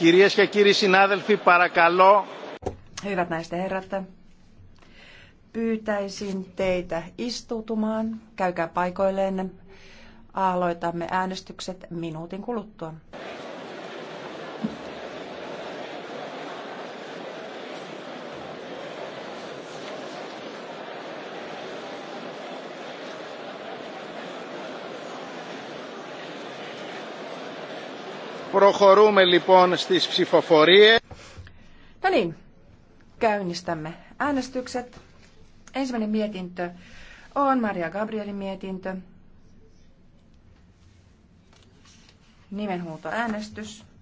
Κυρίες ja κύριοι συνάδελφοι, παρακαλώ. Hyvät naiset ja herrat, pyytäisin teitä istuutumaan. Käykää paikoilleen. Aloitamme äänestykset minuutin kuluttua. Προχωρούμε λοιπόν στις ψηφοφορίες. No niin, käynnistämme äänestykset. Ensimmäinen mietintö on Maria Gabrielin mietintö. Nimenhuutoäänestys. äänestys.